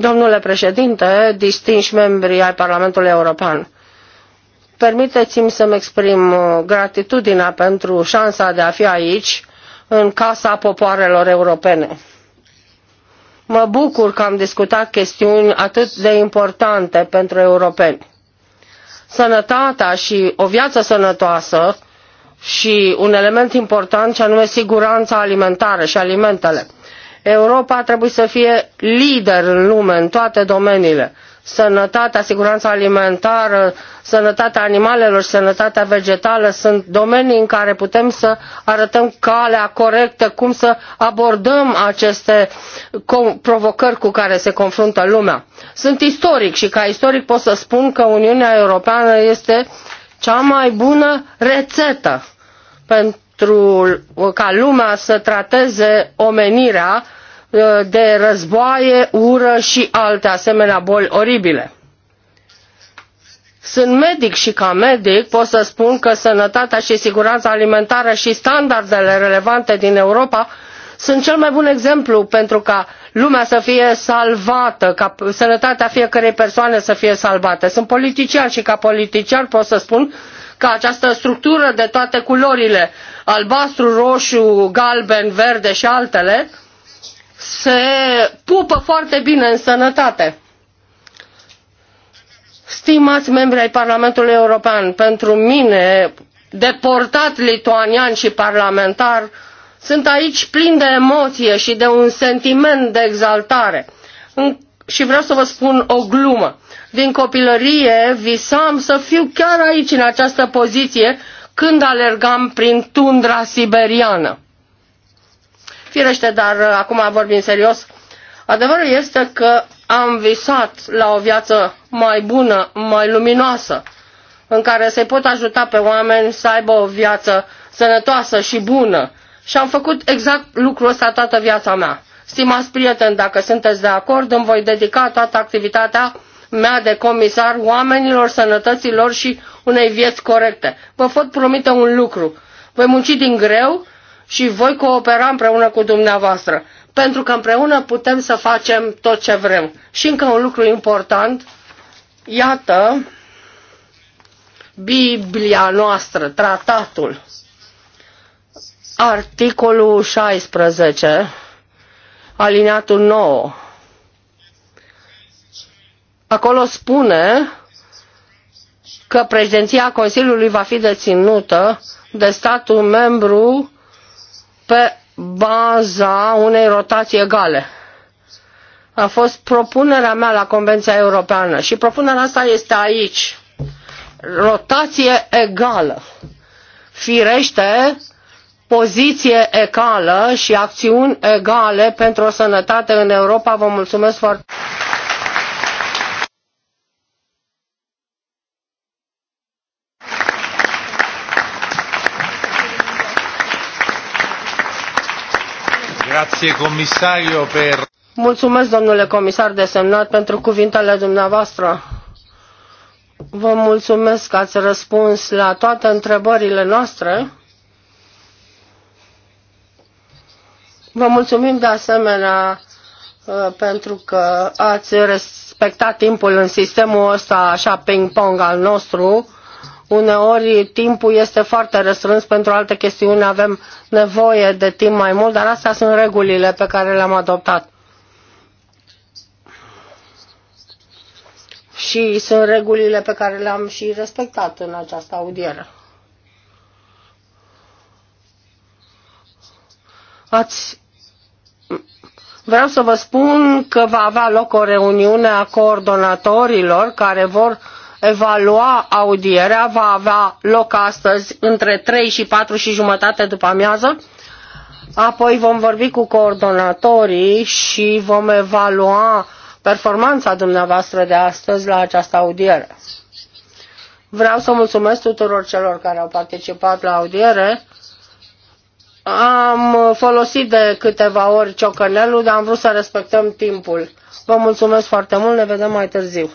Domnule președinte, distinși membri ai Parlamentului European, permiteți-mi să-mi exprim uh, gratitudinea pentru șansa de a fi aici, în Casa Popoarelor Europene. Mă bucur că am discutat chestiuni atât de importante pentru europeni. Sănătatea și o viață sănătoasă și un element important, ce anume siguranța alimentară și alimentele. Europa trebuie să fie lider în lume, în toate domeniile. Sănătatea, siguranța alimentară, sănătatea animalelor și sănătatea vegetală sunt domenii în care putem să arătăm calea corectă, cum să abordăm aceste provocări cu care se confruntă lumea. Sunt istoric și ca istoric pot să spun că Uniunea Europeană este cea mai bună rețetă pentru pentru uh, ca lumea să trateze omenirea uh, de războaie, ură și alte asemenea boli oribile. Sunt medic și ca medic pot să spun că sănătatea și siguranța alimentară și standardele relevante din Europa sunt cel mai bun exemplu pentru ca lumea să fie salvată, ca sănătatea fiecărei persoane să fie salvată. Sunt politician și ca politician pot să spun ca această structură de toate culorile, albastru, roșu, galben, verde și altele, se pupă foarte bine în sănătate. Stimați membri ai Parlamentului European, pentru mine, deportat lituanian și parlamentar, sunt aici plin de emoție și de un sentiment de exaltare. În și vreau să vă spun o glumă. Din copilărie visam să fiu chiar aici, în această poziție, când alergam prin tundra siberiană. Firește, dar uh, acum vorbim serios. Adevărul este că am visat la o viață mai bună, mai luminoasă, în care se pot ajuta pe oameni să aibă o viață sănătoasă și bună. Și am făcut exact lucrul ăsta toată viața mea. Stimați prieteni, dacă sunteți de acord, îmi voi dedica toată activitatea mea de comisar oamenilor, sănătății lor și unei vieți corecte. Vă pot promite un lucru. Voi munci din greu și voi coopera împreună cu dumneavoastră, pentru că împreună putem să facem tot ce vrem. Și încă un lucru important, iată Biblia noastră, tratatul, articolul 16, alineatul 9. Acolo spune că președinția Consiliului va fi deținută de statul membru pe baza unei rotații egale. A fost propunerea mea la Convenția Europeană și propunerea asta este aici. Rotație egală. Firește, poziție egală și acțiuni egale pentru o sănătate în Europa. Vă mulțumesc foarte mult! Mulțumesc, domnule comisar desemnat, pentru cuvintele dumneavoastră. Vă mulțumesc că ați răspuns la toate întrebările noastre. Vă mulțumim de asemenea uh, pentru că ați respectat timpul în sistemul ăsta așa ping-pong al nostru. Uneori timpul este foarte restrâns, pentru alte chestiuni avem nevoie de timp mai mult, dar astea sunt regulile pe care le-am adoptat. Și sunt regulile pe care le-am și respectat în această audieră. Ați Vreau să vă spun că va avea loc o reuniune a coordonatorilor care vor evalua audierea. Va avea loc astăzi între 3 și 4 și jumătate după amiază. Apoi vom vorbi cu coordonatorii și vom evalua performanța dumneavoastră de astăzi la această audiere. Vreau să mulțumesc tuturor celor care au participat la audiere am folosit de câteva ori ciocănelul, dar am vrut să respectăm timpul. Vă mulțumesc foarte mult, ne vedem mai târziu.